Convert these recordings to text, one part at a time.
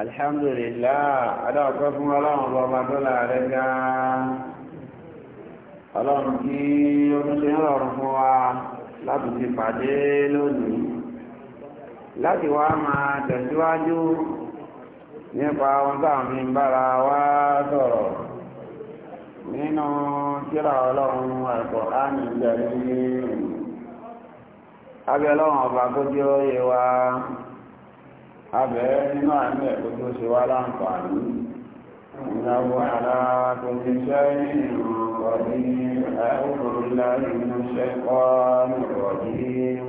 alhamdulillah adáwọ̀pẹ́ fún ọlọ́run bọ́ ọmọ tó láàrẹ́ gan ọlọ́run kí ó tún ṣe ń rọrùn fún wa láti fi pàdé lónìí láti wá máa tẹ̀síwájú nípa ohun táwọn fi ń wá sọ̀rọ̀ nínú kíra ọlọ́run ẹ̀kọ́ láàrin ìgbẹ̀rẹ̀ abẹ́ ọlọ́run ọba kó jẹ́ ó yẹ wa abẹ́rẹ́ nínú àmì ẹ̀kọ́ tó ṣe wá láǹfààní ìnáwó aláàtò ti ṣẹ́ nínú ọ̀dí ẹ̀rùn láì nínú ṣẹ́ kọ́ nínú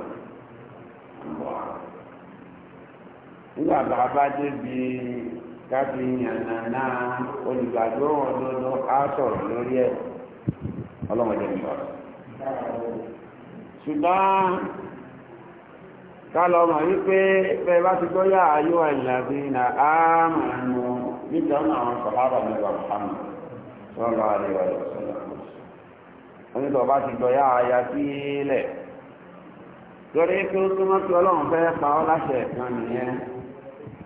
nígbà tá a bá débi káfí yànnà náà olùgbàgbọ́ ọ̀dọ́dọ́ á sọ̀rọ̀ lórí ẹ̀ ọlọ́mọdé ń sọ̀rọ̀ ṣùgbọ́n ká lọ mọ̀ wípé bẹ́ẹ̀ bá ti gbọ́ yá ayé wa ìlàbí na áàmù níta ọ̀nà àwọn sọ̀hábà nígbà mọ̀hámù sọ́lọ́ àríwá lọ sọ́lọ́ onítọ̀ bá ti gbọ́ yá aya sílẹ̀ torí pé ó túnmọ́ sí ọlọ́run fẹ́ pa ọ́ láṣẹ kan nìyẹn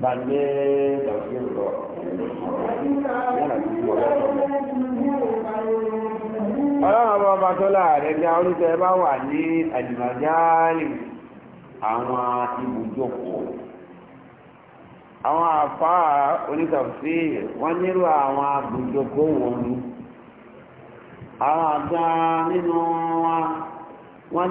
gbàgbé gbàgbé lọ ọlọ́run ọba ọba tó láàrẹ ní oríṣẹ́ bá wà ní àdìmájáàlì àwọn ibùjókòó àwọn àfáà onítọ̀fí wọ́n nírú àwọn ibùjókòó wọn ni àwọn àgbà nínú wọn wọ́n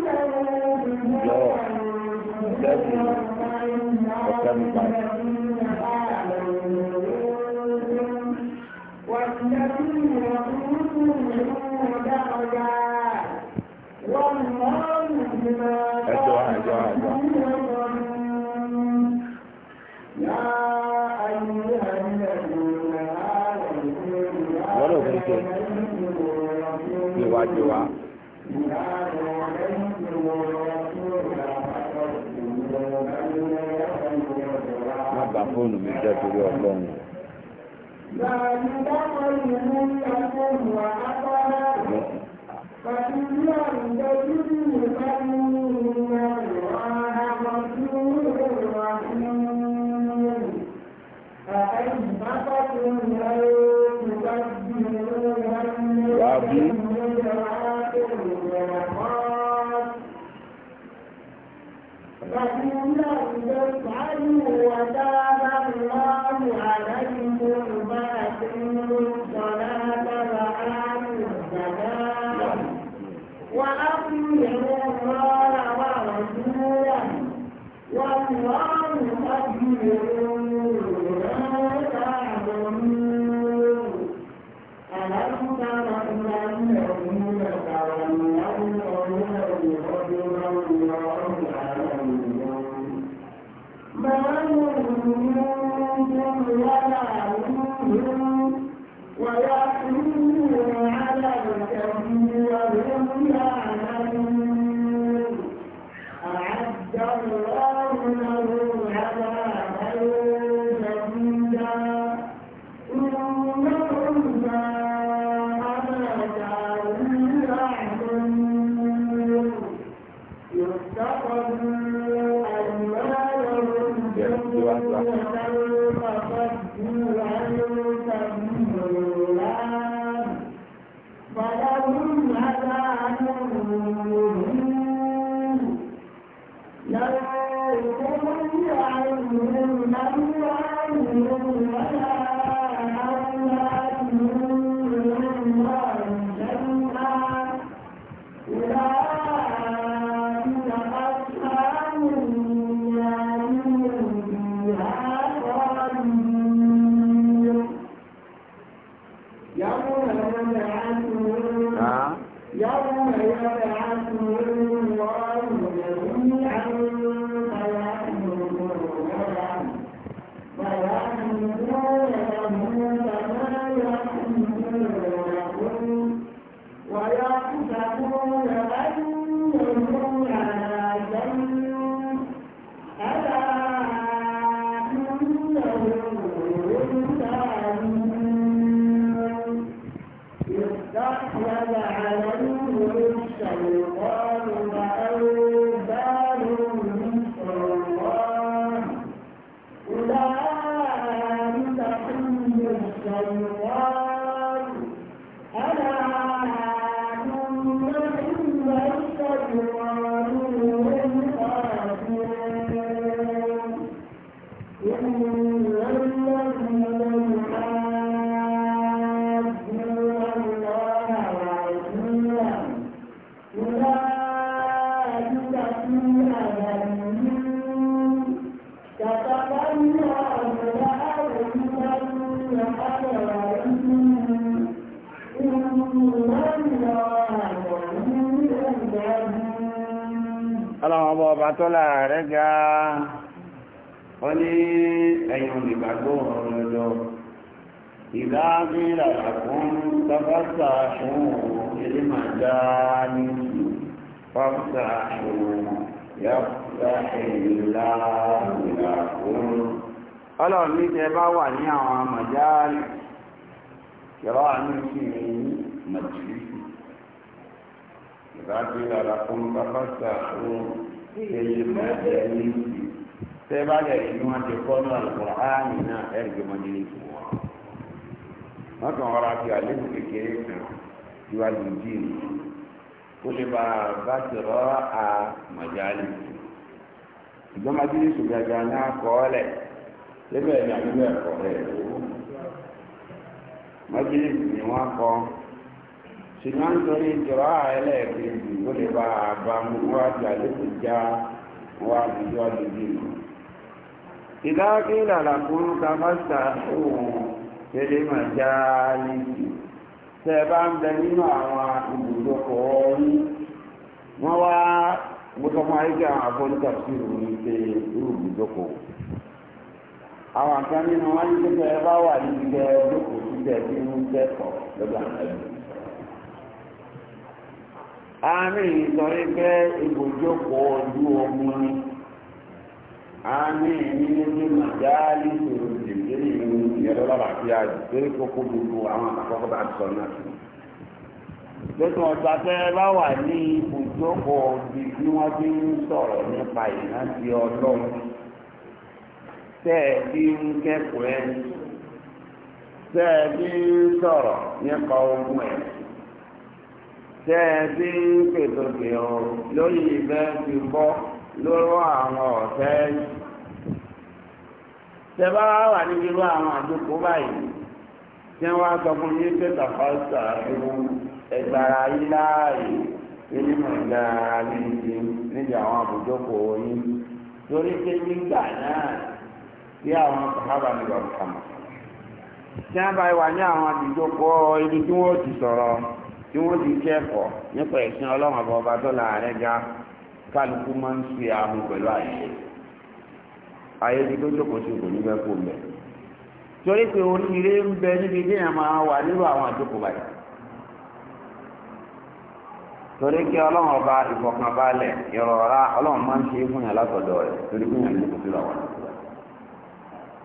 òdodo níwájú wa. má bà fóònù mi jẹ́ torí ọlọ́run. Thank you. حتى الرحمن ọlọ́run ọba ọba tó láàrẹ́ ga ó ní ẹ̀yìn olùgbàgbọ́ ọ̀rọ̀lọ́ ìdáàbíra àkún tọ́fásà ṣùn ilé máa já ní fọ́fásà ṣùn yọ́fásà ìlà ìlàkún ọlọ́run ní sábìlà làkún káfásà fún ẹyẹ mẹ́tẹ́ ní ìsì tẹ́bàlẹ̀ ìlú wọn ti kọ́ náà lọ́kùnrin áàmì náà ẹ̀rìgbẹ́ wọn ní ìsìn wọn. wọ́n kàn wọ́n ra fi kékeré kan kó lè bá a bá a ìgbọ́n máa gàgà náà kọ́ lẹ̀ lébẹ̀ ní àdúgbò ẹ̀kọ́ ṣùgbọ́n nítorí ìjọba ẹlẹ́ẹ̀kejì ó lè bá a bá mú wájú àlékún já wájú wájú bí mọ́. ìdáàkí ìlànà fún kàfásà òun bá ń bẹ nínú àwọn ibùdókọ̀ wọ́n wá gbọ́dọ̀ kí àwọn ní irú àwọn nínú wọn ní wà kẹ́ dókòó sí kí ń àmì ìsọ̀rí pé ibùjókò ojú ọmọ ni àmì ìnílẹ́jì màjáàlì sòrò ìdíje ìlú ìyẹ́rọ lára àti àjò torí kókó gbogbo àwọn àkọ́kọ́ bá sọ náà lótú ọ̀sà tẹ́ ẹ bá wà ní ibùjókò ọ̀gbìn bí wọ́n ti ń sọ̀rọ̀ nípa ìrántí ọlọ́run tẹ́ ẹ bí ń kẹ́kọ̀ọ́ ẹ tẹ́ ẹ bí ń sọ̀rọ̀ nípa ogun ẹ̀sìn. tẹ́ ẹ bí ń pètòkè ọ lórí ìbẹ́ ti bọ́ lọ́rọ̀ àwọn ọ̀tẹ́ tẹ bá wà níbi irú àwọn àdókò báyìí tí wọ́n á sọ fún yín tàfáṣà ẹgbàrá nínú níbi àwọn torí pé nígbà náà tí àwọn ní bàbá tí wọ́n ti kẹ́kọ̀ọ́ nípa ẹ̀sìn ọlọ́run àbọ̀ ọba tó láàárẹ̀ ga kálukú máa ń fi ahun pẹ̀lú àyè ayé ti tó jókòó sí kò ní bẹ́ẹ̀ kó mbẹ́ torí pé oríire ń bẹ níbi tí èèyàn máa wà nírú àwọn àjókòó báyìí torí pé ọlọ́run ọba ìfọkànbalẹ̀ ìrọ̀rá ọlọ́run máa ń ṣe é fún yàn látọ̀dọ̀ rẹ̀ torí pé yàn ní kò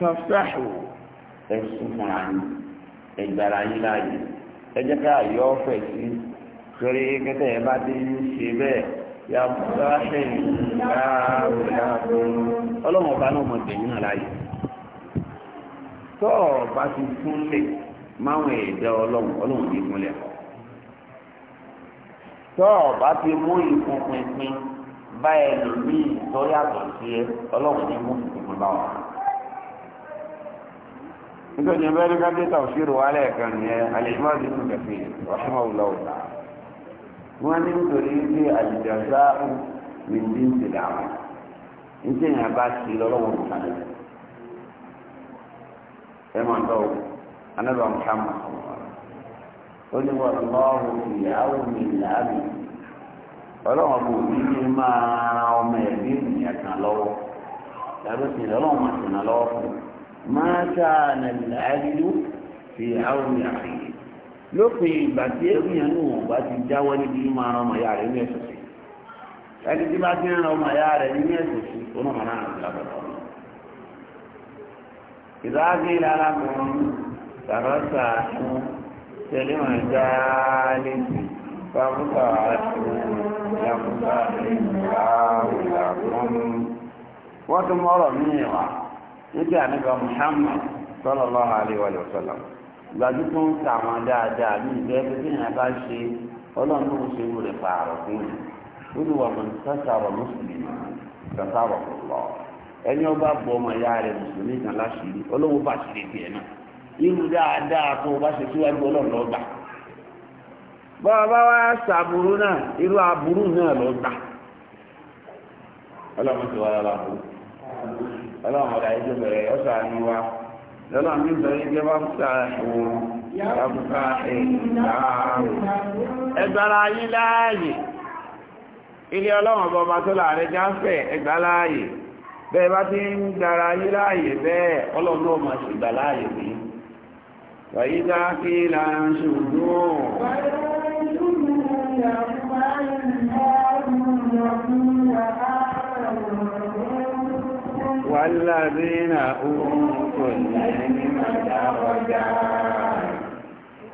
fàfáàhù ẹ̀sùn fúnra yín ẹ̀gbàrà yín láàyè ẹjẹ́ ká yọ ọ́fẹ́ sí torí kẹ́tẹ́ ẹ bá dé ń ṣe bẹ́ẹ̀ yà fàfáàhù káàkiri ọlọ́run ọba náà mọ̀ tẹ̀yìn náà láàyè tọ́ ọba ti fúnlẹ̀ máwọn ẹ̀dá ọlọ́run ọlọ́run ní ìmúlẹ̀ tọ́ ọba mú ìfún pinpin bá ẹlòmíì tó yàtọ̀ sí ẹ ní mú ìfún bá wọn nítorí amẹ́ríkà dé tàwùsírò wálẹ̀ kan ní alìmọ́dé ní kẹfì rọ́ṣùmọ́wùlọ́wùlá wọ́n ní nítorí pé àlìjọ́sá ní ní ti dàmú nítorí yẹn bá ti lọ́wọ́ mùsàlẹ̀ ẹ máa tọ́wọ́ anábà muhammad ó ní wọ́n lọ́wọ́ ìyàwó mi làbí ọlọ́wọ́n kò ní ní máa ọmọ ẹ̀mí ènìyàn kan lọ́wọ́ tàbí sì lọ́wọ́ màsìnà ما كان العبد في عون اخيه لو في باتي ينو باتي جاوني دي ما ما يا ري ني سوسي قال يعني دي باتي انا ما يا ري ني سوسي انا ما انا لا اذا جينا لا من ترسا سليم جالين فقط يا مصاحب يا مصاحب وقت مرة مني níbi àníbà Muhammad sallallahu wa sallam gbàdú tó ń ta àwọn dáadáa ní ìgbẹ́ bí bí yẹn bá ṣe ọlọ́run tó ń ṣe irú rẹ̀ fún mi ó ní wà mọ̀n sásàrọ̀ mùsùlùmí sásàrọ̀ lọ ẹni ọba bu ọmọ ìyá rẹ̀ mùsùlùmí kan láṣìírí ọlọ́run bá ṣe lè tiẹ̀ náà irú dáadáa tó o bá ṣe lọ gbà wá náà irú náà lọ ọlọ́run ọ̀dà yìí tó bẹ̀rẹ̀ ọ̀sà ni wa lọ́nà mi sọ yìí jẹ́ bábúkà ẹ̀wọ̀n bábúkà ẹ̀dáàrùn ẹgbàrá yín láàyè ilé ọlọ́run ọba ọba tó láàrin jáfẹ́ ẹgbà láàyè bẹ́ẹ̀ bá ti ń gbàrá yín láàyè bẹ́ẹ̀ ọlọ́run الذين أوتوا العلم درجات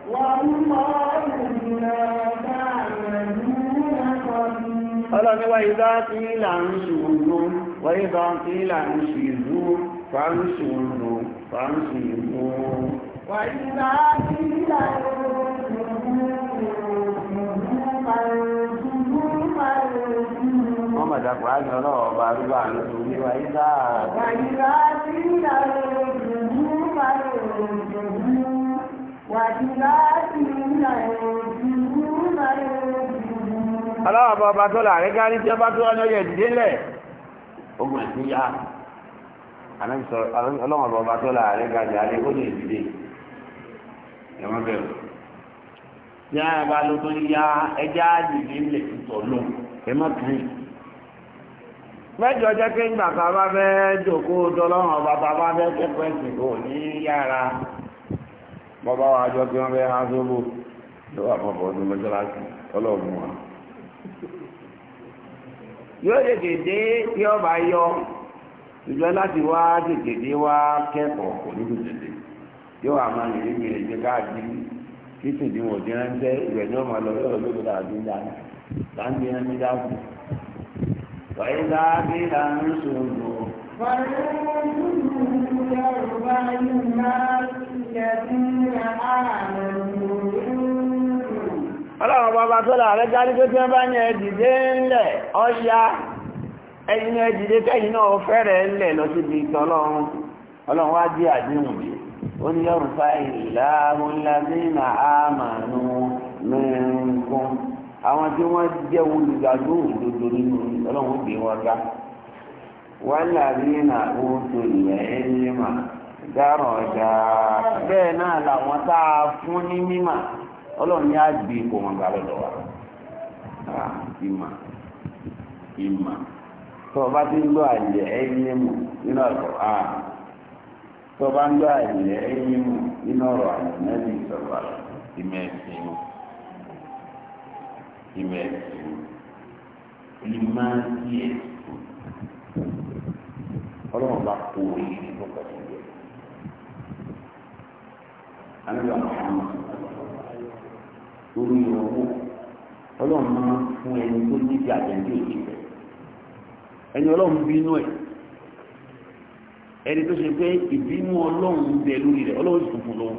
والله بما تعملون خبير وإذا قيل انشزوا وإذا قيل انشزوا فانشزوا فانشزوا àkùrá ni ọlọ́wọ́ ọba arúgbó àlùkò ní wáyé sáà. wàyíká sí ìlànà ìdùnnú máa ń lò ìdùnnú wàyíká sí ìlànà ìdùnnú máa ń lò ìdùnnú. aláwọ̀ ọba tó láàrin gárí tí ọba bá tó láàrin ẹ má kàn mẹ́jọ jẹ́ pé ń gbàgbà bá fẹ́ jòkó dọ́lọ́rùn ọba bá fẹ́ kẹ́kọ̀ọ́ ẹ̀sìn ní yára bọ́bá wà jọ wọ́n ha sóbò ló wà fọ́fọ́ ọdún mọ́ṣáláṣí ọlọ́ọ̀gùn wa. yóò tètè dé tí yọ ìjọ láti wá tètè dé wá kẹ́kọ̀ọ́ kò ní kò tètè yóò wà máa nìyí mi káàkiri kí wọn lọ yóò وإذا قيل انشدوا فانشدوا يرفع الناس الذين آمنوا ọlọ́run bàbá tó láàrẹ́ járí tó tí wọ́n bá ní ẹ̀dìdé ńlẹ̀ ọya ẹ̀yìn ẹ̀dìdé tẹ́yìn náà fẹ́rẹ̀ ńlẹ̀ lọ sí ibi ìtọ́ ọlọ́run wá jí àdéhùn bí ó ní yọrùn fáìlì láàrùn lábínà àmàánú mẹ́rin kún àwọn tí wọ́n jẹ́ olùgbàgbọ́ òdodo nínú ọlọ́run gbé wọn ga wọ́n tó ilẹ̀ ẹni mà dáràn ọjà bẹ́ẹ̀ náà làwọn tá a fún ní mímà ọlọ́run ní àgbè wọn gbà wa ìmà ìmà tó o bá ti ń lọ ẹni mù nínú a tó o bá ń lọ àlẹ́ ẹni mù nínú ìmọ̀ ẹ̀sìn ìmọ̀ sí ẹ̀sìn ọlọ́run bá kó orí nínú pẹ̀lú ẹ̀. anábìá mọ̀hánmá lórí ìrànwọ́ ọlọ́run máa ń fún ẹni tó níbi àjẹ̀ǹdí òjì rẹ̀ ẹni ọlọ́run bínú ẹ̀ ẹni tó ṣe pé ìbínú ọlọ́run bẹ lórí rẹ̀ ọlọ́run sì fún lọ́wọ́.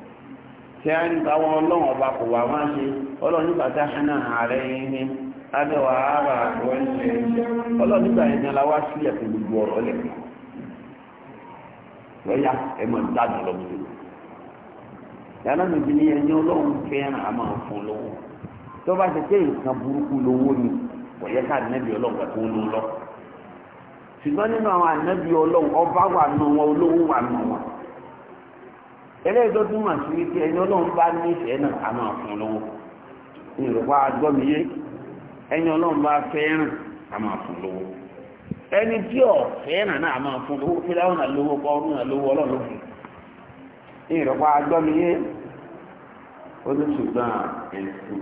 tí a ń bá wọn ọlọ́run ọba kò wà ṣe náà ààrẹ sí gbogbo ọ̀rọ̀ lẹ̀ lọ́yà yàrá mi ẹni ọlọ́run fẹ́ràn a máa fún tó bá ṣe pé nǹkan burúkú lówó ni kò yẹ ká tó lọ ṣùgbọ́n nínú àwọn ọlọ́run eléyìí tó túmọ̀ sí wípé ẹni ọlọ́run bá nífẹ̀ẹ́ náà a máa fún lówó ní ìrọ̀pá agbọ́miyé ẹni ọlọ́run bá fẹ́ràn a máa fún lówó ẹni tí ò fẹ́ràn náà a máa fún lówó fíláwọ́n náà lówó pọ́ọ́rùn náà lówó ọlọ́run lókè ní ìrọ̀pá agbọ́miyé ó ní ṣùgbọ́n ẹ̀sìn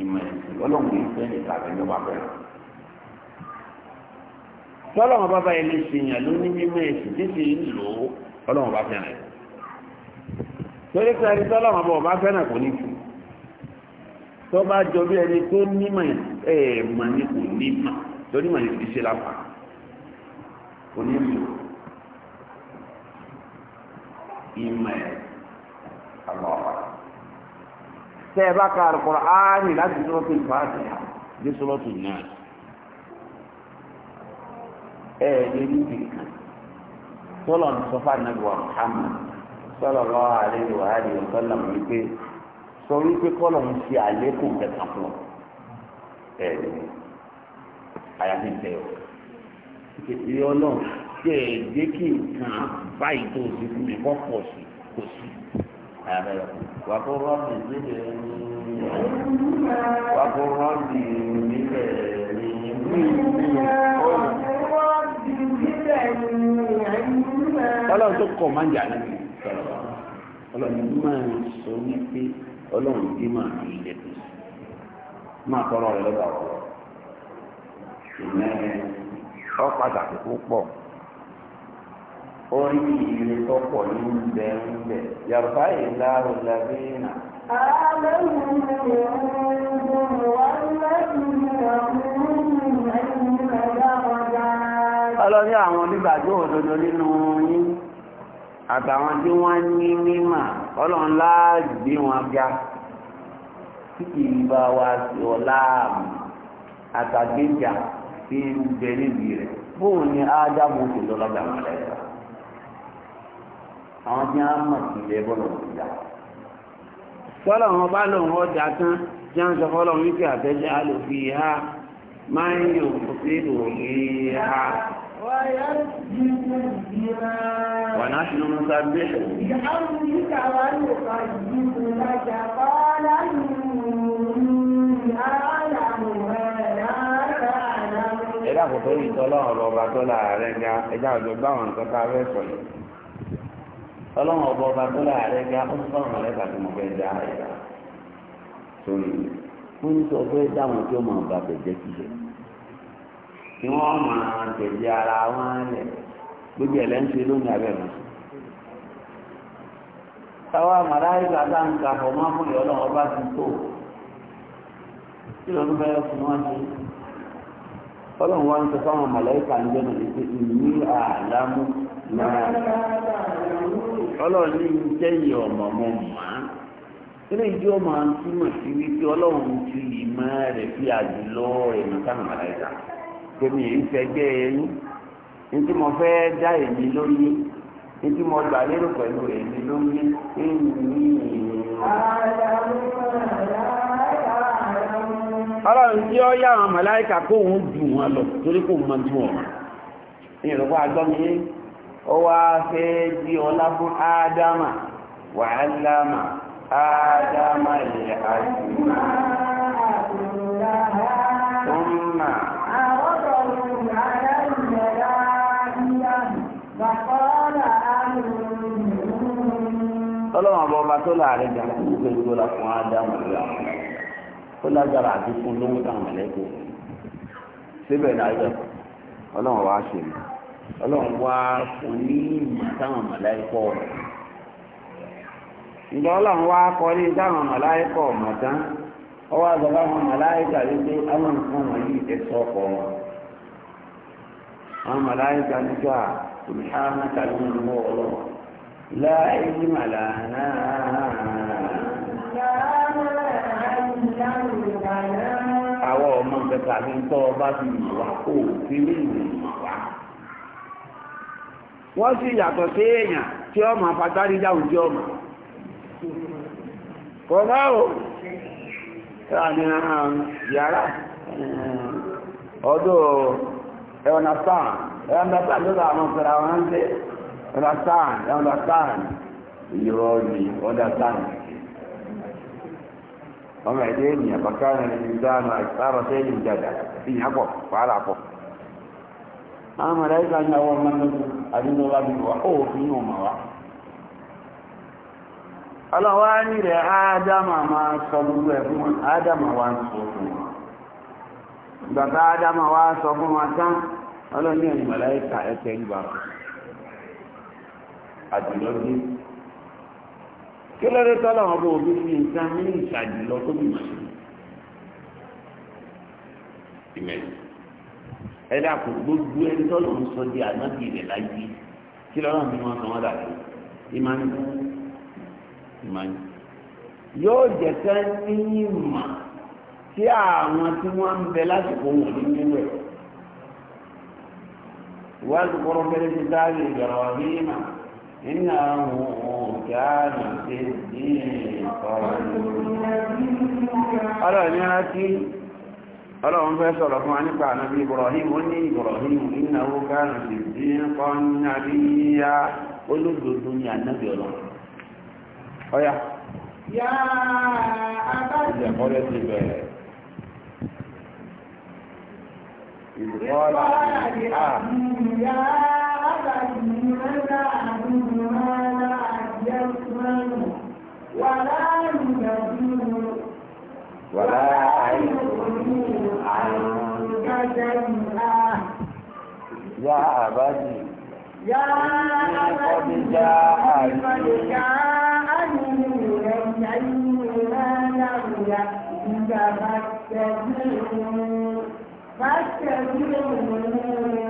ìmọ̀ ẹ̀sìn ọlọ́run ìfẹ́ nìkan àtẹnudọ́gba fẹ́ràn tọ́lọ́run bá bá ẹni ṣèyàn ló ní mímọ̀ ẹ̀sìn tí ṣe ń lò ó ọlọ́run bá fẹ́ràn ẹ̀ torí pé ẹni tọ́lọ́ ọmọ ọba fẹ́ràn kò ní fún tó bá jọ bí ẹni tó nímọ̀ ẹ̀ẹ̀mọ̀ ni kò ní mà torí mà ní fi ṣe lápá kò ní lò ìmọ̀ ẹ̀ àlọ́ tẹ́ ẹ bá ka Al-Qur'ani láti dúró fún Fatiha dé Suratul Nas ẹ̀ẹ́dẹ́gbẹ̀kan tọ́lọ̀ ní sọ́fà nàgbà Muhammad sallallahu alaihi wa alihi wa sallam wípé sọ wípé kọ́lọ̀ ń ṣe àlékún kẹta fún ọ ẹ̀ àyàfi tẹ̀ ọ́ ìrẹ́ ọlọ́run ṣe é jẹ́ kí nǹkan báyìí tó ti fún mi kọ́ pọ̀ sí kò sí ààrẹ wà kó rọ́ọ̀bì nílẹ̀ wà kó rọ́ọ̀bì nílẹ̀ ọlọ́run tó kọ̀ máa ń jà nílẹ̀ ọlọ́run máa sọ wípé ọlọ́run bí máa fi ilẹ̀kùn sí máa tọrọ rẹ lọ́dọ̀ ọ̀rọ̀ ìmẹ́rin ọ pàtàkì púpọ̀ orí ìrírí tó pọ̀ ní ìbẹ̀ ńbẹ̀ yàrá ìlàrú làbínà. ọlọ́ni àwọn onígbàgbọ́ òdodo nínú yín àtàwọn tí wọ́n ní mímọ̀ ọlọ́run láàgbé wọn ga tí kì í bá wa sí ọláàmù àtàgbéjà tí ń bẹ níbi rẹ̀ bóun ni ádámù ti lọ lọ́gbà mọ̀lẹ́ta àwọn tí wọ́n mọ̀ sí ilé bọ́lọ̀ ti dà tọ́lọ̀ wọn bá lòun ọjà tán jẹ́ ń sọ fọ́lọ́ wípé àtẹ́jẹ́ àlòfin ha máa ń yòókù sí ìròyìn ha. ونحن نسبح بحمدك ونقدس لك قال ẹ̀dá kò tó yìí tọ́lọ́ ọ̀rọ̀ ọba tó láàárẹ̀ ga ẹjá ọjọ́ gbá àwọn nǹkan tá a fẹ́ sọ yìí ọlọ́run ọba ọba tó láàárẹ̀ ga ó sọ ọ̀rọ̀ lẹ́ka tó mọ̀ fẹ́ dá ẹ̀dá sórí wọ́n ní sọ fẹ́ dáhùn tí ó mọ̀ ọba bẹ̀ jẹ́ kí wọ́n máa tẹ̀lé ara wọn lẹ̀ gbogbo ẹ̀ lẹ́ńṣe lónìí ń ka fún ọba ti tó kí ló fẹ́ fún wọn ṣe ọlọ́run wá sọ fáwọn màláìka ń jẹ́ nàìjíríà pé àlámú náà jẹ́ ọmọ mọ́ mọ́ sí wípé ọlọ́run ti temi yìí fẹgbẹ́ eyi ntí mo fẹ́ dá èmi lórí ntí mo gbà lérò pẹ̀lú èmi lórí èmi. ọlọ́run tí ó yá àwọn kó òun wọn lọ torí kò mọ ju ọ̀rọ̀ ní ìrọ̀pá agbọ́mi ó wá fẹ́ di ọlá fún ádámà ádámà ọlọ́run ọba ọba tó láàrin gbà kú gbogbo la fún ádámù rẹ̀ ó lágbára àti fún lówó táwọn ẹlẹ́kọ̀ọ́ síbẹ̀ láyọ̀ ọlọ́run wá ṣe mí ọlọ́run wá fún ní ìmọ̀ táwọn mọ̀láìkọ̀ rẹ̀ ǹjẹ́ ọlọ́run لا علم لنا àwọn ọmọ ìgbẹ́ta ní tọ́ ọba ti wà kó fi ní ìrìn wá wọ́n sì yàtọ̀ sí èèyàn tí ọmọ àfàtàrí jáun jẹ́ ọmọ kọ̀ọ̀bá o ní yàrá ọdún ẹwọ̀nà sáà ẹwọ̀nà sáà lọ́dọ̀ àwọn ọ̀fẹ́ra wọn ń tẹ́ understand understand irọ́ ni understand ọmọ ẹ̀dẹ́ ènìyàn bàkà ní ìdáná ìsára sẹ́yìn dada ìyàn pọ̀ wàhálà pọ̀ àwọn mọ̀láìkà ní àwọn ọmọ mẹ́rin àdínú lábí wa ó fi yóò mọ̀ wá ọlọ́wọ́ á ní rẹ̀ ádámà máa sọ gbogbo ẹ̀ wọn ádámà wá ń sọ fún wọn bàbá ádámà wá sọ fún wọn tán ọlọ́ní ẹ̀yìn mọ̀láìkà àjùlọ́dé kí lọ́dẹ́ tọ́lá wọn bó omi fi nǹkan ní ìṣàjùlọ tó bí màá ìmẹ̀lẹ̀ ẹ dàpọ̀ gbogbo ẹni tọ́lá ń sọ di ànábì rẹ̀ láyé kí lọ́dọ̀ mi wọn kàn wọ́n dà sí ìmánì ìmánì yóò jẹ́ sẹ́ ní ìmọ̀ tí àwọn tí wọ́n ń bẹ lásìkò wọn nínú ẹ̀ wọ́n ti kọ́rọ́ fẹ́rẹ́ ti dárí ìgbàlọ́wọ́ ní ìmọ̀. إنه كان صديقا ọlọ́run ní rántí ọlọ́run fẹ́ sọ̀rọ̀ fún wa nípa ànábí Ibrahim ó ní Ibrahim ìnáwó kánà sí sí kan nàbí yá olódodo ní ànábí ọlọ́run ọ̀yá ìjẹ̀ ولا عين عنك شيئا يا أبدي يا قد جاءني جاءني من علم ما لم يأتك فاتبعوني فاتبعوني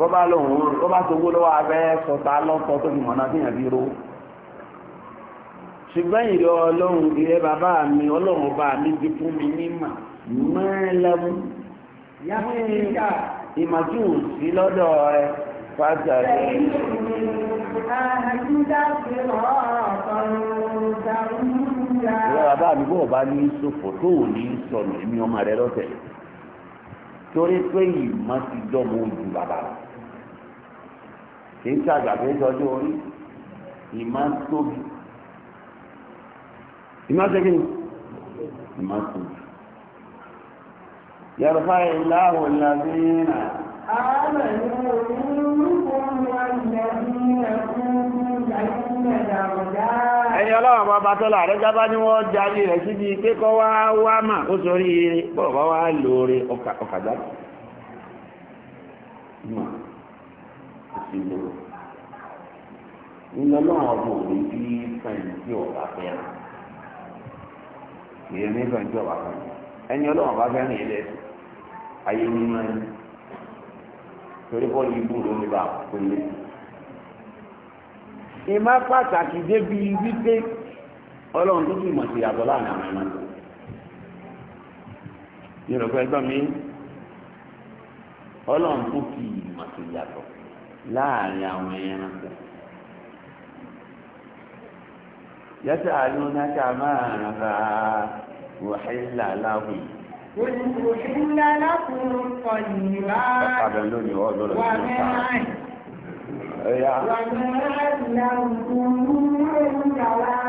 bọ́ bá lóhun ó bá tó gbó lọ́wọ́ abẹ́ sọta lọ́tọ́ tó fi mọ̀nà fíyàn bí ró ṣùgbọ́n ìrẹ́ ọlọ́run ìrẹ́ bàbá mi ọlọ́run bá mi ti fún mi ní mà mẹ́lẹ́mú ìmọ̀tún sí lọ́dọ̀ rẹ pàtàkì. ìrẹ́ bàbá mi bọ̀ bá ní ṣòfò tó ò ní sọnù èmi ọmọ rẹ lọ́tẹ̀ torí pé ìmọ̀ ti dọ́mọ ojú bàbá rẹ kì í ṣàgbà kì í ṣọjọ́ orí ìmá tóbi ìmá tóbi ìmá tóbi yàrá ìlàwọ̀ ìlàmínà آمنوا منكم والذين كنتم ẹni ọlọ́wọ́ bá bá tọ́lá rẹ̀ jábá ní wọ́n jáde rẹ̀ síbi kékọ́ wá wá mà ó sórí bọ́ọ̀bá wá lóore ọkàjá sínú nínú náà ọdún òní bí sẹ́yìn tí ọ̀gá fẹ́ hàn kìí ní fẹ́ ẹni ọlọ́wọ́n bá fẹ́ ilẹ̀ ayé nínú ẹni torí bọ́ọ̀lù ibú ló ní bá ìmá pàtàkì débi wípé ọlọ́run tó fi mọ̀ sí ìyàtọ̀ láàrin àwọn ẹ̀mọ́ láàrin àwọn ẹranko yẹ́tà àlúnákà máa ra wàhálà láwùí Olùkùnrin lákùn kọ̀ ìrìnlá. Ọ̀pàdà lónìí ọ̀dọ́ lọ sí ọ̀pàá. Wà ní àìlà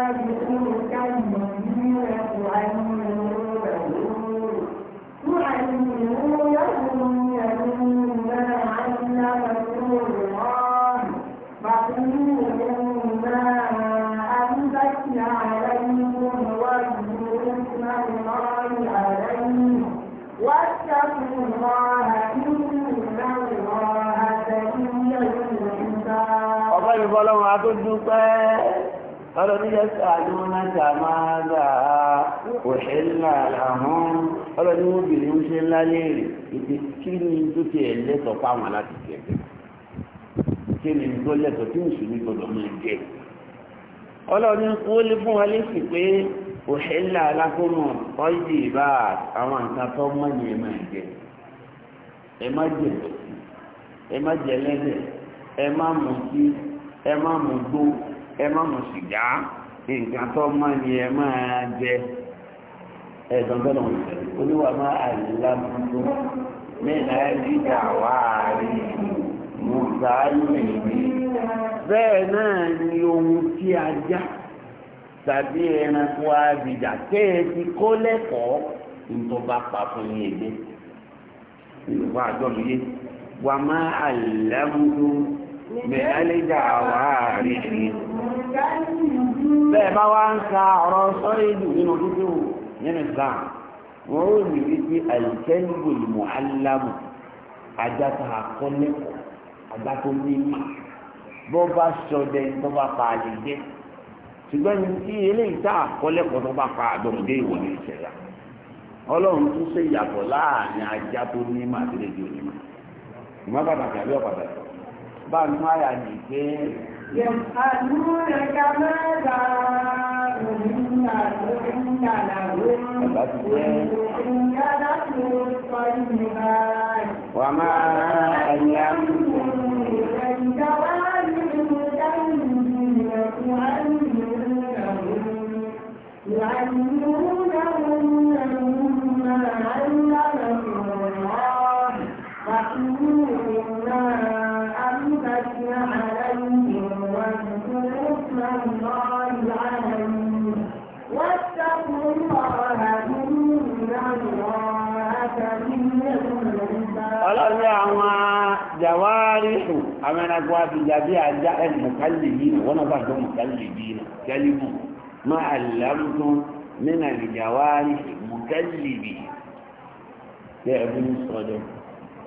pẹ́ ọlọ́dúnjẹ́ sàánú mẹ́ta máa gbà á òṣèlá àwọn ọlọ́dún obìnrin ṣe ńlá léèrè ìdí kí ni tó ti tí gbọdọ̀ jẹ ọlọ́dún kó lé fún wa lẹ́sì pé bá àwọn nǹkan tó ẹ má mú gbó ẹ má mú sìgá nǹkan tó máa ní ẹ máa jẹ ẹ̀dùn tọ́lọ̀ olúwa máa àìlábùdó mẹ́ta ẹ̀dígbà wà rí mùsáàlì rí bẹ́ẹ̀ náà ni ohun tí a já tàbí ẹranko àbìjà tẹ́ ẹ ti kó lẹ́kọ̀ọ́ ìtọ́ba pa fún yín ẹgbẹ́ ìwà àjọ mi yé wà máa àìlábùdó. من الجوارح bẹ́ẹ̀ bá wá ń ka ọ̀rọ̀ sọ́rẹ́dù nínú dúdú nínú islam wọ́n ó ní wípé àìkẹ́lùgbò ìmọ̀ aláàmù àjáta àkọ́lẹ́kọ̀ọ́ àgbàtò mímí bọ́ bá sọdẹ tó bá pa àlè jẹ́ ṣùgbọ́n ní kí eléyìí tá àkọ́lẹ́kọ̀ọ́ tó bá nú àyà ní pé Wàmáà àwọn ẹranko abidjan bí ajá ẹ mọ̀kálìbínà wọn náà bá jọ mọ̀kálìbínà kálíbù má àlámùtún nínú àlìjàwárí mọ̀kálìbí tẹ ẹ fún sọdọ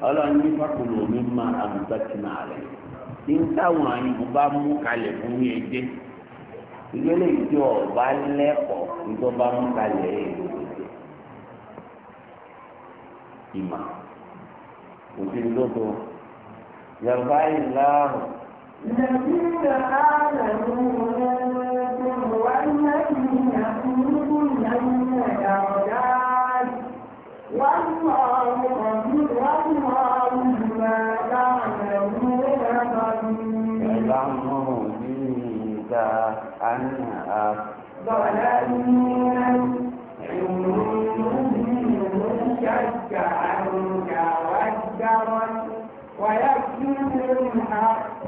ọlọ́run ní fàkùlù mi máa àmùtàkìmọ̀ àlẹ́ ní táwọn àyìnbó bá mú kalẹ̀ fún yẹn jẹ́ ìgbélé ìjọ ọba lẹ́kọ̀ọ́ ìjọba يرفع الله الذين آمنوا منكم والذين أوتوا العلم درجات والله خبير والله بما تعملون خبير الأمر منك أن أفضل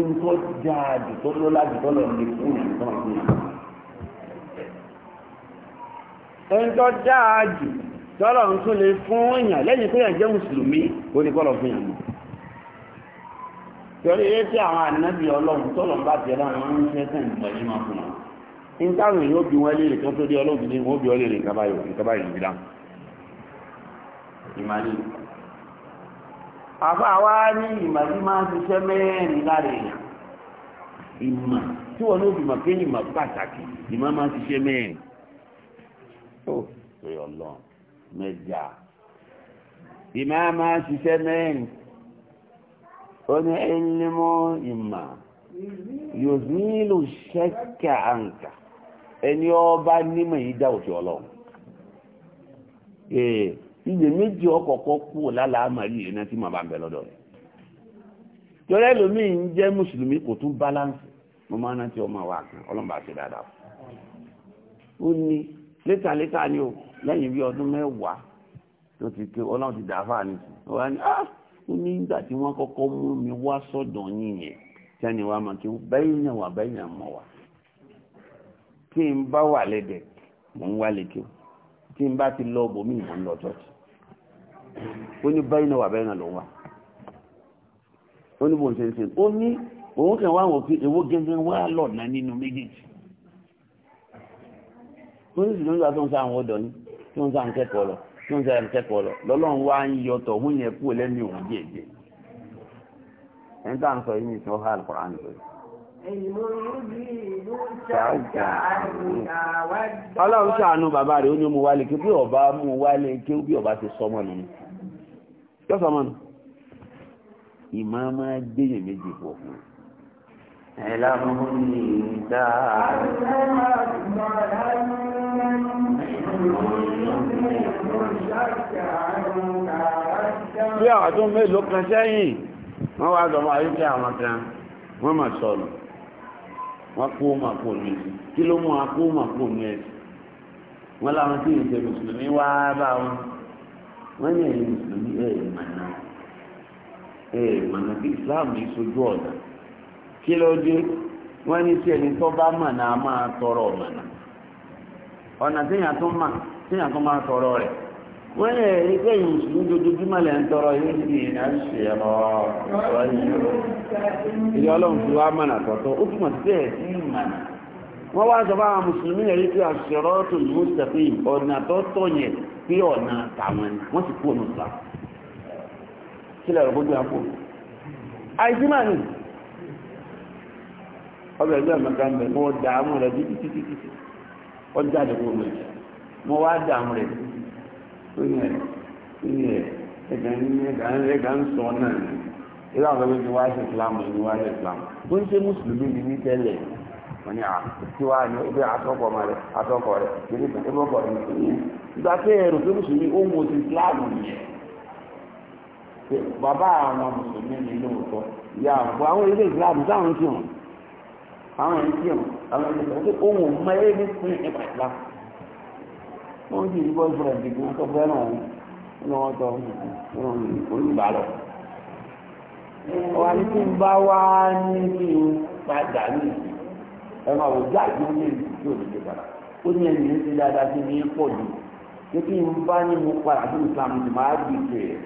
nǹkan jáàjù tó lọ́la jù tọ́lọ̀ ní fún ìtàn fún yàn. nǹkan jáàjù tọ́lọ̀ ń tún lè fún yàn lẹ́yìn pé yàn jẹ́ mùsùlùmí ó ní kọ́lọ̀ fún yàn mọ́. torí eré tí àwọn ànábì ọlọ́run tọ́lọ̀ ń bá tiẹ̀ láwọn máa ń fẹ́ sẹ́yìn pọ̀ yìí máa fún wọn. nítawọn yóò bí wọn léèrè kan tó dé ọlọ́run ní wọn bí ọ léèrè nǹkan báyìí nǹkan báyìí nìyí dáhùn àfá wá ní ìmọ̀ tí máa ń ṣiṣẹ́ mẹ́rin lára èèyàn ìmọ̀ tí wọ́n ló fi mọ̀ pé ìmọ̀ pàtàkì ìmọ̀ máa ń ṣiṣẹ́ mẹ́rin ó pé ọlọ́run mẹ́jà ìmọ̀ máa ń ṣiṣẹ́ mẹ́rin ó ní ẹnìmọ́ ìmọ̀ yóò nílò ṣẹ́kà àǹkà ẹni ọba nímọ̀ yìí dá òfin ọlọ́run iye méjì ọkọ̀ọ̀kọ́ kú lálá àmàrí ilé náà tí màá bá ń bẹ lọ́dọ̀ rẹ̀ torí ẹlòmíì ń jẹ́ mùsùlùmí kò tún báláǹsì mo máa ń rántí ọmọ wa kan ọlọ́mọba ṣe dáadáa ó ní létà ni o lẹ́yìn bí ọdún mẹ́wàá tó ti ké ọlọ́run ti dàáfà ni ó wá ní ah ó ní nígbà tí wọ́n kọ́kọ́ mú mi wá sọ́dọ̀ yín yẹn tẹ́ni wa máa kí n bẹ́yìn náà wà bẹ́yìn náà mọ̀ wá kí n bá wà lẹ́dẹ̀ mò ń wá lẹ́kẹ́ tí n bá ti lọ bòmí mò ń ó ní bẹ́ẹ̀nà wà bẹ́ẹ̀nà ló wà ó ní bóun ṣe ń ṣe ó ní òun kàn wá wọn pé èwo gẹ́gẹ́ wá lọ́nà nínú méjèèjì ó ní sì lóyún àti òun sáà wọ́n dọ̀ ní tí òun sáà ń kẹ́kọ̀ọ́ lọ tí òun sáà ń kẹ́kọ̀ọ́ lọ lọ́lọ́run wá ń yọ tọ̀ hún yẹn kú lẹ́nu òun jẹ́jẹ́ ẹni tá à ń sọ yìí ní ìsìn ọ̀hà àlùkòrán ni ọlọ́run ṣàánú bàbá rẹ̀ ó ní mú wálé kí bí ọba mú wálé kí bí ọba ti sọmọ nínú yọ́sọ̀mọ́nù ìmọ̀ máa gbéyàn méjì pọ̀ fún ẹ̀lá fún ní dáa bí àwọn tó mélòó kan sẹ́yìn wọ́n wá lọ máa yíkẹ́ àwọn kan wọ́n máa sọ̀rọ̀ wọ́n kó máa kó ní kí ló mú akó máa kó ní ẹ̀sìn wọ́n láwọn tí ìṣe mùsùlùmí wá bá wọn wọ́n ní mùsùlùmí ẹ̀ mọ̀nà ẹ̀ mọ̀nà bí islam yìí sojú ọ̀nà kí ló dé wọ́n ní tí ẹni tó bá mọ̀nà á máa tọrọ mọ̀nà ọ̀nà téèyàn tó máa tọrọ rẹ̀ wọ́n ní pé mùsùlùmí dojoojúmọ́ lẹ̀ ń tọrọ yìí ní ìrìnàṣẹ ẹ̀rọ ìyá ọlọ́run pé ọ̀nà tàwọn ni wọ́n sì kú ọ̀nà ìgbà sílẹ̀ ọ̀rọ̀ gbogbo àpò àìsí máa nì ọbẹ̀ ẹgbẹ́ mẹ́ta ń bẹ̀ mọ́ dààmú rẹ̀ bí títí títí wọ́n jáde kúrò mẹ́ta mọ́ wá dààmú rẹ̀ lórí ẹ̀ lórí ẹ̀ ẹ̀gà ń ẹ̀gà ń ẹ̀gà ń sọ náà irú àwọn ọmọ ẹgbẹ́ wá sí Islam ẹ̀yìn wá sí Islam tó wọ́n ní àti wá ní ibi àtọ́kọ̀ rẹ̀ àtọ́kọ̀ rẹ̀ kìíní ìbọ̀kọ̀ rẹ̀ nìyẹn ìgbà tí ẹ̀rù tó mùsùlùmí ó ń wo ti Ìsìláàmù yẹn bàbá àwọn mùsùlùmí ní ilé òótọ́ ìyá àwọn àwọn ilé Ìsìláàmù táwọn kí wọn àwọn ẹni kí wọn àwọn ẹni kí wọn pé ohun ọmọ ẹ ní fún ẹgbà ìlà wọn kì í bọ́ ìfọ̀rọ̀ ìdìbò tó fẹ́ náà ní wọn tọ́ oníbàárọ̀ wà ní kí n bá wá ní kí n padà ní ìsìn ẹ máa wò jáde ó lè rí tí ò ní ṣe padà ó ní ẹni ní ṣe dáadáa sí ní pọ̀ jù pé kí n bá ní mo padà sí Islam ti máa di ìṣe rẹ̀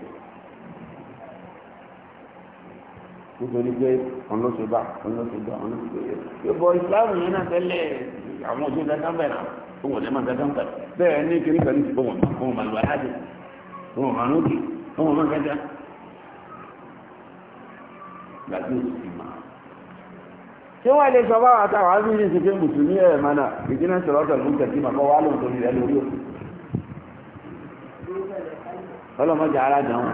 nítorí pé òun ló ṣe bá òun ló ṣe bá òun ló ṣe bá ìbọn Islam yìí náà tẹ́lẹ̀ àwọn ojú ìdájọ́ bẹ̀rẹ̀ ó wọlé máa dájọ́ bẹ̀rẹ̀ bẹ́ẹ̀ ní kí nípa ní ti bọ̀wọ̀ fún ọmọ àlùwà láti fún ọmọ àlùkì fún ọmọ mẹ́ta gbàdúrà sí tí wọ́n lè sọ báwọn àtàwọn àbúrò ní ṣe mùsùlùmí ẹ̀ mọ́nà ìdínà sọ̀rọ̀ ọ̀tọ̀ ló ń tẹ̀sí màkọ́ wà lóun torí rẹ̀ lórí òkú ọlọ́mọdé ara jẹun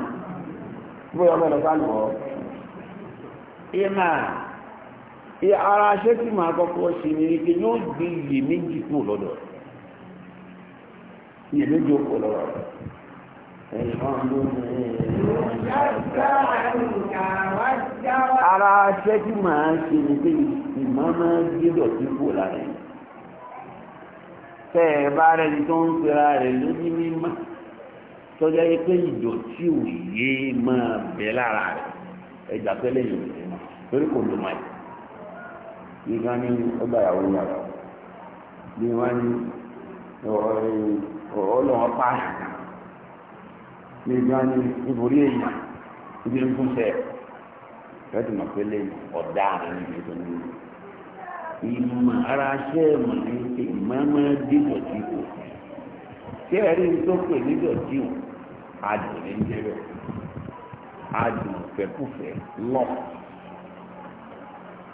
bóyá ọmọ ẹ̀lọ́pàá lọ́ ìmà ara ṣé tí màá kọ́kọ́ ṣe ni wípé yóò gbé iyèméjì kú lọ́dọ̀ iyèméjì kú lọ́dọ̀ Ara aṣẹ́ tí màá ṣe ni pé ìmọ̀ máa ń gbédọ̀ tí kò lára ẹ̀. Tẹ́ ẹ bá rẹ̀ tó ń pera rẹ̀ lóní mímọ́, tó jẹ́ pé ìdọ̀tí ò yé máa bẹ lára rẹ̀. Ẹja pẹ́lẹ́ yìí ò mọ̀, torí kò lò máa. Ìgbà ni ọgbà ìyàwó yàrá. Bí wọ́n ní ọlọ́wọ́ pààyàn kan. ní gan ni ìborí ibi ń kún sẹ mọ pé lẹ́yìn ọdá rẹ níbi tó ní ara ṣe é ní mọmọ dídọtí kò ṣé ẹ rí tó pè o lọ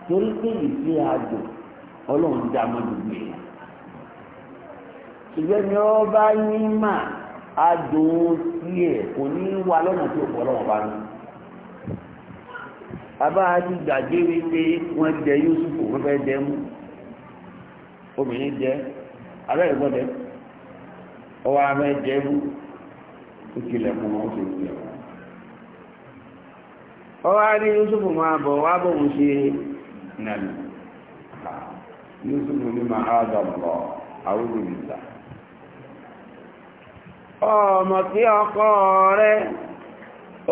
torí pé ìṣe adùn Ọlọ́run dá gbogbo ṣùgbọ́n adùn sí ẹ̀ kò ní wà lọ́nà tí ó pọ̀ gaje bá ní. abá ti gbàgbé wọ́n jẹ Yusufu wọ́n fẹ́ jẹ mú obìnrin jẹ abẹ́rẹ́ gbọ́dẹ̀ ọwọ́ abẹ́ Yusuf ọmọ tí ọkọ rẹ̀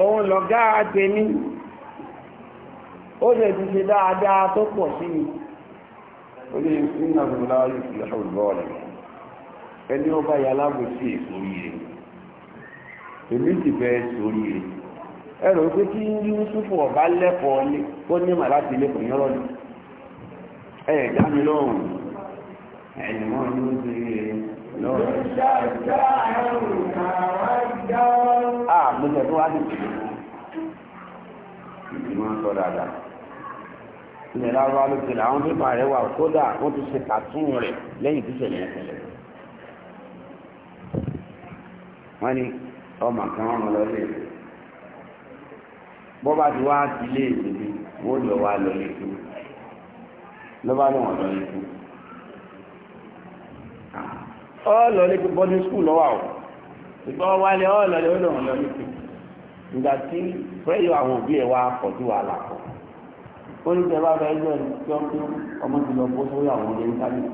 òun lọ̀gá àtẹ́mí ó lè ti ṣe dáadáa tó pọ̀ sí mi ó lè nínú àgbàlá yóò fi ọ̀rọ̀ ẹni ọba yà lágbèsí èsorí rẹ̀ èmi sì fẹ́ sórí rẹ̀ ẹ̀rọ pé kí Yúsúfù ọba lẹ́kọ̀ọ́ ní kó lẹ́kọ̀ọ́ ẹ̀ẹ̀dá mi lọ́rùn ẹ̀yìn mọ́ ní ó ti rí rẹ̀ Ah, mo jẹ tó wá dé. Ìgbìmọ̀ sọ dáadáa. Ilẹ̀ lárúbá ló kele àwọn pépà rẹ̀ wà kódà wọ́n ti ṣe kàtún rẹ̀ lẹ́yìn tí ìṣẹ̀lẹ̀ yẹn ṣẹlẹ̀. Wọ́n ní ọmọ kan wọn lọ lé. Bọ́ bá ti wá sí ilé ìsinmi, wọ́n lọ wá lọ lé fún. Lọ́ba ló ọ̀lọ́ ní pé bọ́dún skul lọ́wọ́ àwọn ìgbọ́ wálé ọ̀lọ́ ní ọ̀lọ́ ọ̀lọ́ ní pé ìgbà tí fẹ́yọ̀ àwọn òbí ẹ̀ wá pọ̀ sí wàhálà kan ó ní tẹ bá fẹ́ ẹgbẹ́ tí ó ń pín ọmọ ti lọ bó sórí àwọn ọmọdé níkàlẹ̀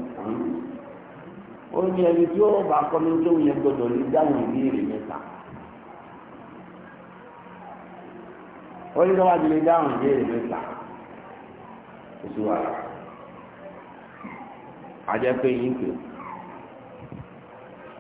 ó ní ẹni tí ó bá kọ́ ní tó yẹ gbọdọ̀ ní dáhùn ìbéèrè mẹ́ta ó ní tọ́wá ti lè dáhùn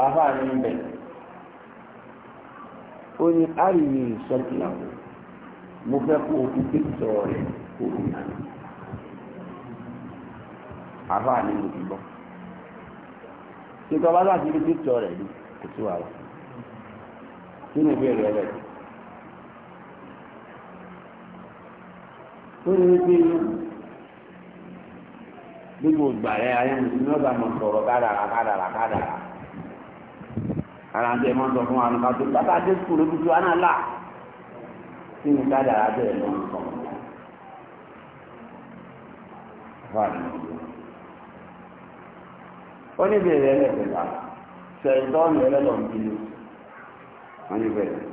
àbá ní ibẹ̀ ó ní àríyìn ìṣọ́kìláwò mo fẹ́ kó o fi pèsè rẹ̀ kó o nà àbá ní mo ti gbọ́ ṣètò ọba láti rí pèsè rẹ̀ ní kò kí ni ìbéèrè rẹ̀ ó ní wípé gbogbo ìgbà rẹ̀ ayé mi ní ọba ara ń tẹ́ mọ́ sọ fún wa nípa tó bàbá dé sùkúl lójú tó là kí ni ká dára bẹ́ẹ̀ lọ sọ. ó ní bèrè ẹlẹ́gbẹ̀ta sẹ̀yìntọ́ọ̀nù ẹlẹ́lọ́ ń bínú wọ́n ní bẹ̀rẹ̀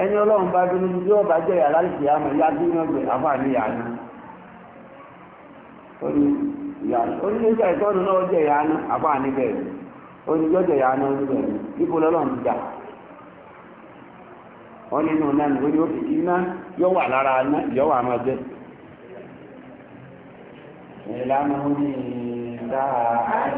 ẹni ọlọ́run bá yóò bá jẹ́ yàrá àmọ́ ìyá bí wọ́n gbé ní ó ní jẹ́ oníjọ́jọ́ yà á ná orí rẹ̀ níbo lọ́lọ́run ti dà wọ́n nínú náà ní orí òkè iná yọ wà lára iná yọ wà máa jẹ́ ìlànà orí dáa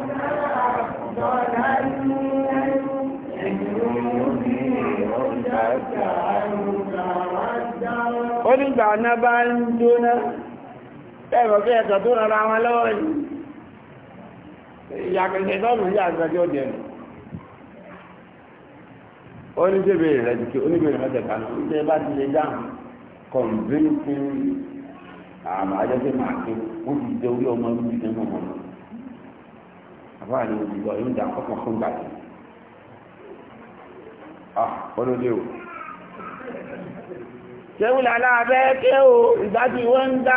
onígbà náà bá ń jóná ẹ̀rọ fẹ́ ẹ̀kọ́ tó rọra wọn lọ́wọ́ yìí ìyàkẹ̀ṣẹ̀ sọ́nù yà àgbàjọ́ jẹ́ nù ó ní bèbèrè rẹ̀ jù kí oníbèrè mẹ́tẹ̀ẹ̀ta ní ilé bá ti lè dáhùn convincing àmà ajẹ́sẹ̀ máa ké ó ti jẹ orí ọmọ ní ìdílé mọ́ ọmọ àbá ni òbílọ yóò ah, dá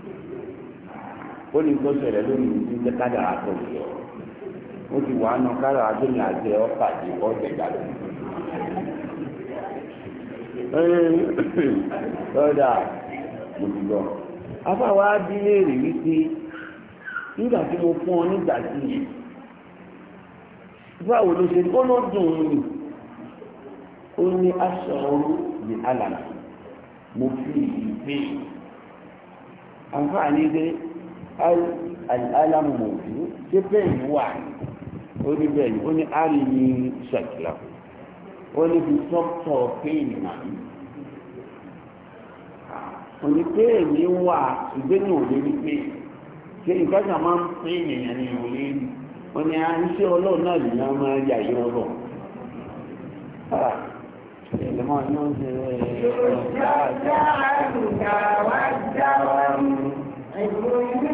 ó ní tó ṣẹlẹ̀ lórí ìdí ní kádàrà tó yẹ ó ti wà nù kádàrà tó ní àti ọ̀pá àti ọ̀jẹ̀ gbàgbé. lọ́dà mo ti lọ afáwa wípé nígbà tí mo fún ọ nígbà tí báwo ló ṣe ló dùn ún ni ó ní aṣọ ọrú ní alàlà mo fi àǹfààní dé áwù alámù mọ̀jú ṣé bẹ́ẹ̀ ni wà ó ní bẹ́ẹ̀ ni ó ní àrí ní ṣàkìlà ó ní fi sọ́kítọ̀ péènì màmí òní péènì wà ṣùgbọ́n ní òde ní péènì ṣé nǹkan kan máa ń péènì yẹn ní òde ní wọ́n ní iṣẹ́ ọlọ́run náà lè náà máa yà yí ọlọ́ Ìjọba àrùn kàwá jáwọ́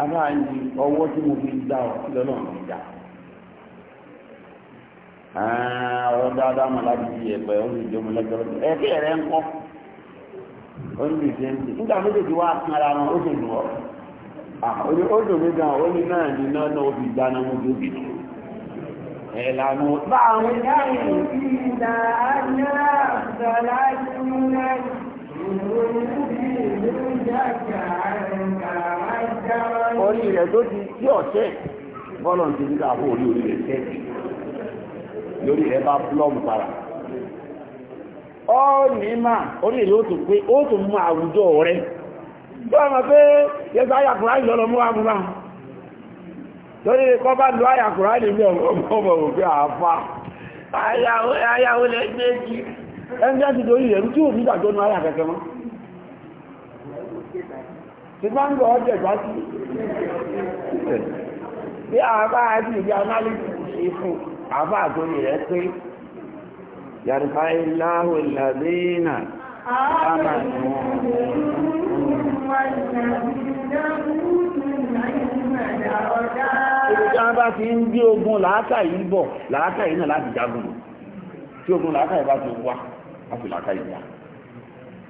aláàyè ọwọ́ tí mo fi dá ọ kí lọ́nà mi dá ah, ọ̀rọ̀ dáadáa mọ̀ láti di ẹ̀pẹ́ ó sì ń kọ́ nígbà wá ara wọn ó sì lù ọ́ ah, ó dùn mí gan ó ní náà ní náà náà ó fi bí òbí ẹ̀lànà orí rẹ̀ tó ti tí ọ̀tẹ̀ bọ́lọ̀ ti ní ká orí orí rẹ̀ tẹ́ lórí rẹ̀ bá para ní orí rẹ̀ ó tún pé ó tún mú àwùjọ rẹ̀ lọ ma a. ẹgbẹ́ ti dorí rẹ̀ tí ò fi mọ́ tí bá ń lọ ọjọ́ ìgbà bí àbá àti ìdí analysis ṣe fún àbá àtòrí rẹ̀ pé ìlàdínà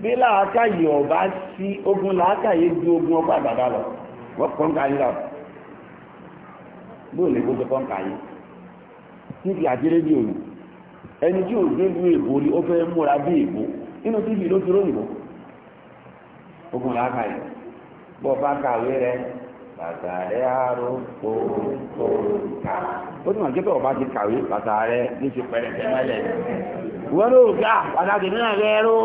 bí làákàyè ọba sí ogun làákàyè ju ogun ọgbà bàbá lọ wọ́n kọ́ńkà yín lọ bóòlù èkó ṣe kọ́ńkà yín níbi àjẹrẹ́ bí ẹni tí òun nínú èbó ni ó fẹ́ múra bí èbó nínú tíbi ló ogun bọ́ bá kàwé rẹ àrò tó tó ká ó ọba ti kàwé ní ti pẹ̀rẹ̀ wọ́n ló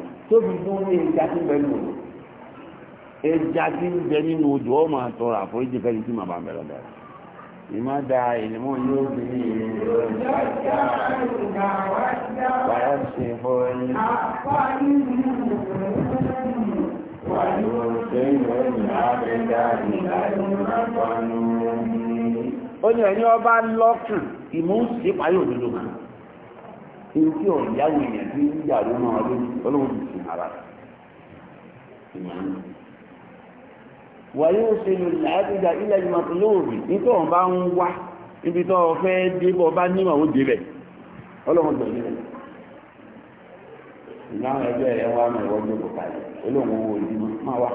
tóbi fún ní ẹja tí ń bẹ nínú odò ẹja tí ń bẹ nínú odò ọmọ àtọrọ àforíjì fẹni tí màmá ń bẹ lọ́dọ̀ rẹ̀ ìmọ̀ da ìlímọ̀ yóò bí ní ìlú wàá ṣe fọ́ ẹni wàyó ṣe ìròyìn àbẹ̀dá ìlànà ó ní ẹni ọba lọ́kàn ìmúṣe payọ̀ òdodo kan etí ọ̀yáwó èèyàn tí ń yà ló máa lójú ọlọ́run ti sìn ara wàyí ó ṣe lò láàbíjà ilẹ̀ ìmọ̀tò lóòrì nítorí wọn bá ń wá níbi tó o fẹ́ dé bọ́ bá nímọ̀ ó débẹ̀ ọlọ́run tó débẹ̀ ìyáwó ẹgbẹ́ rẹ̀ wá mọ̀ ìwọ́n gbogbo kalẹ̀ olóhùn owó ìdímọ̀ máa wà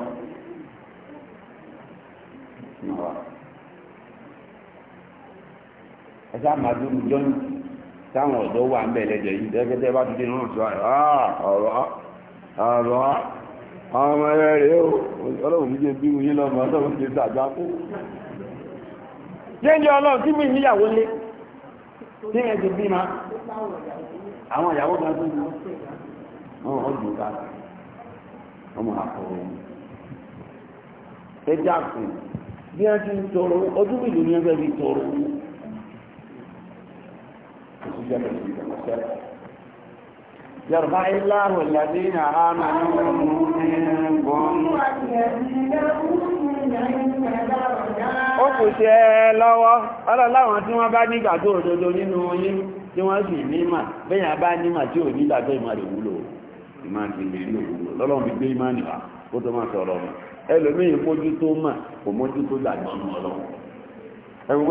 ẹ̀sà màdúrú jọ́nù táwọn ọ̀dọ́ wà ń bẹ̀rẹ̀ jẹ̀ yìí tẹ́gẹ́tẹ́ bá dúdú náà sọ ọ̀rọ̀ ọ̀rọ̀ ọmọ ẹ̀rẹ́ rẹ̀ ọlọ́run mi jẹ́ bí wọ́n yín lọ́mọ ọlọ́run ti dàgbà kú. jẹ́jẹ́ ọlọ́run tí tí ẹ ti bí wọ́n tọrọ ọdún òṣìṣẹ́ pẹ̀lú ìgbàlọ́sẹ́ يرفع الله الذين آمنوا منكم ó kò ṣe lọ́wọ́ ọlọ́láwọn tí wọ́n bá nígbà tó òdodo nínú yín tí wọ́n sì nímà bẹ́yàn bá nímà tí ò ní tó ìmọ̀ rẹ̀ wúlò fi gbé tó máa sọ̀rọ̀ mọ̀ kò dàgbọ́n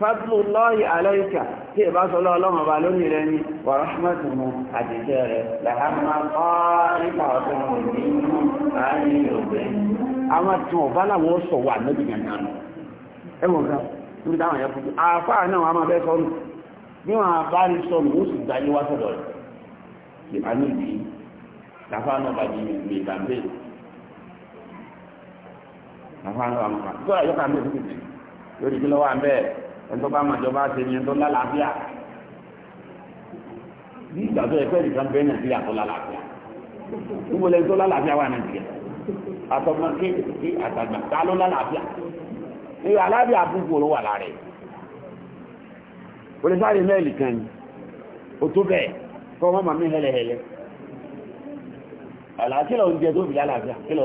fadlullahi alayka tí ìbá sọlọ́ ọlọ́run ọba lónìí rẹ ní wàrásùmọ́tì mu àdìjẹ́ rẹ làhámà kọ́ọ̀rí pàọ̀tún nínú àárín òbẹ́. àwọn tí wọn bá láwọn ó sọ wà lóbi yànnà nù ẹ wọ nǹkan níbi táwọn yẹn fún àáfàá náà wọn a máa fẹ́ sọnù bí wọn bá rí sọnù ó sì gbáyé wá ẹ̀tọ́ bá máa jọba ṣe ni ẹ̀tọ́ lálàáfíà bí ìgbà tó yẹ fẹ́ẹ̀rì kan bẹ́ẹ̀ nàìjíríà tó lálàáfíà níbo lẹ́yìn tó lálàáfíà wà nàìjíríà àtọ́mọ kéèké àtàgbà tá ló lálàáfíà ìwé aláàbíà púpọ̀ ló wà lára ẹ̀ olùsáré mẹ́ẹ̀lì kan ni ó tó bẹ́ẹ̀ kọ́ mọ́ màmí hẹ́lẹ́hẹ́lẹ́ àlàáfíà ló kí lọ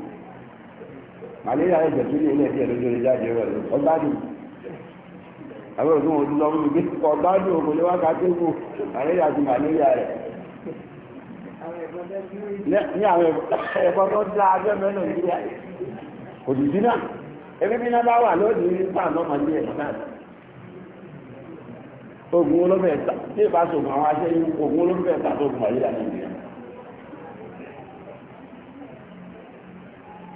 màlẹ́rì àwọn ìjẹ̀tú ní ilé ẹ̀díẹ̀ lójú ìjáde rẹ̀ ọgbádùn àwọn òṣùwọ̀n ojú lọ́wọ́ mi gbé ọgbádùn òkò lé wákàtí kù màlẹ́rì àti màlẹ́rì rẹ̀. ní àwọn ẹ̀kọ́ tó dá abẹ́ mẹ́rin nàìjíríà kò dìdí náà ẹbí bí náà bá wà lónìí ní pàǹdà ọmọdé ẹ̀kọ́ náà ogun olóńgbẹ̀ẹ́ta tí ìbáṣogùn àwọn aṣẹ́yìn ogun olóńgbẹ̀ẹ́ta tó gùn wáyé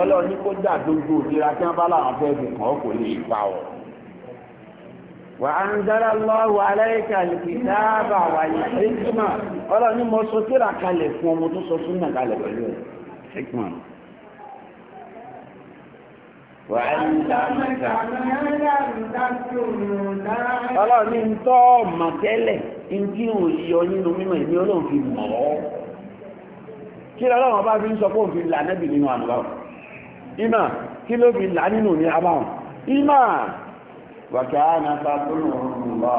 ọlọ́run kó dà gbogbo òdìra tí wọ́n bá làwọn fẹ́ fi kàn ọ́ kò lè pa wà á ń dára lọ́wọ́ ní sọ fún ọmọ tẹ́lẹ̀ nínú mímọ̀ ìní ọlọ́run fi kí lọ́wọ́ bá fi ń sọ pé òun fi là nẹ́bì nínú àdúbáwọ̀ ìmà kí ló fi là nínú ní abáwọn ìmà wàkà nàfà kúrò lọ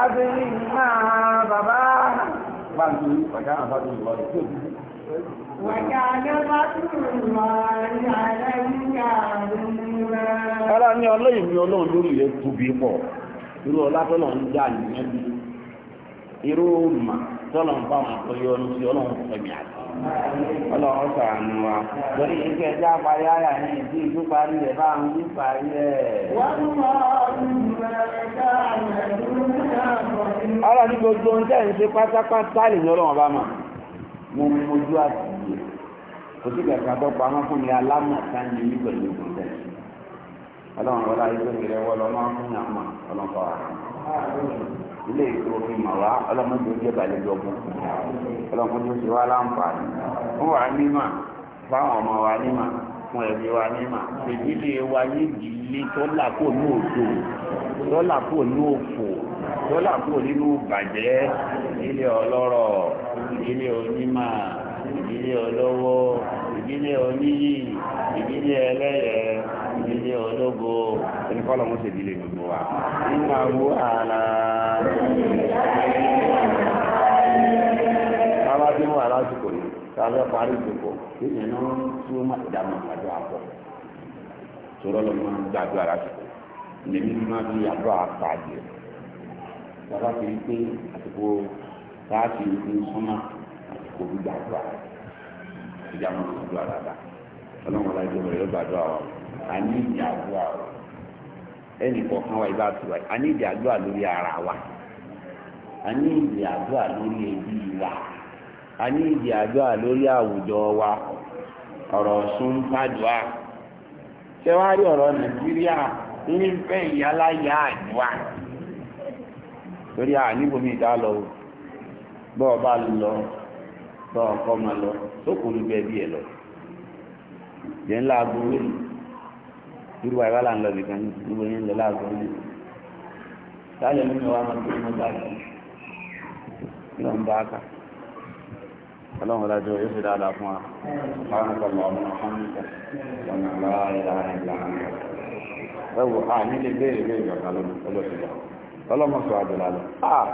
Adéyìn náà bàbá bàbí wàkà nàfà kúrò lọ Ọlá ní ọlọ́yìn ní ọlọ́run lórí rẹ̀ tóbi pọ̀, irú ọlá tọ́lọ̀ ń dà ní ẹbí irú mà tọ́lọ̀ ń bá wọn àtọ́yọ ọdún sí ọlọ́run fẹ̀mí àti ọlọ́run sàánú wa lórí parí ara ní ìdí ìlú parí rẹ̀ bá ń wí parí ẹ̀. ọlọ́run gbogbo tẹ́ ń ṣe pátápátá lè ní ọlọ́run ọba mo mú ojú àti kò sí fún mi alámọ̀ká ní pẹ̀lú ìgbọ̀n ọlọ́run fún ọlọ́run ilé ètò òfin mà wá ọlọ́mọdé ó jẹ́ balẹ̀ lọ́gbọ́n ọlọ́mọdé ó ti wá láǹfààní fún wa nímà fáwọn ọmọ wa nímà fún ẹbí wa nímà ìdílé wa yéèjì ilé tọ́là kò ní òdo tọ́là kò ní òfò tọ́là kò nínú bàjẹ́ ilé ọlọ́rọ̀ ilé onímà ìdílé olówó ìdílé oníyì ìdílé ẹlẹ́yẹ ìdílé ológo oníkọ́lọ̀ mọ́ sí ìdílé gbogbo wa nínú àwọn ààlà sábà tí wọ́n alásìkò yìí sábà parí ìdòkò tí ìyẹn náà tí ó má ìdààmú àjọ àpọ̀ sọ̀rọ̀ lọ́mọ gbàdúrà lásìkò lèmi máa fi àdúrà pàdé sábà fi pé àsìkò láti ìlú súnmọ́ àsìkò gbígbàdúrà ìdààmú àjọ àdàdà ọlọ́run ọlá ìjọba yóò gbàdúrà wa. a ní ìdí àdúrà o ẹnì kọ̀ọ̀kan wa a ní ìdí àdúrà lórí ara wa a ní ìdí àdúrà lórí ẹbí wa a ní ìdí àdúrà lórí àwùjọ wa ọ̀rọ̀ súnpádùá tẹwárí ọ̀rọ̀ nàìjíríà ní fẹ́ ìyáláyà àdúrà torí a níbomi ìdá lọ bọ́ọ̀ bá lọ bọ́ọ̀ kọ́ lọ tó bẹ́ẹ̀ bí ẹ lọ irú àìwá là ń lọ nìkan ah, yẹn ń lọ láàbọ̀ nínú wa máa ń gbé mọ́tà sí i bá kà ọlọ́run lájọ yóò fi dáadáa fún wa báwọn kan lọ ọmọ ọmọdé ọmọ ọlọ́wà ìlànà ìlànà ẹwọ a nílé béèrè béèrè ọ̀gá lónìí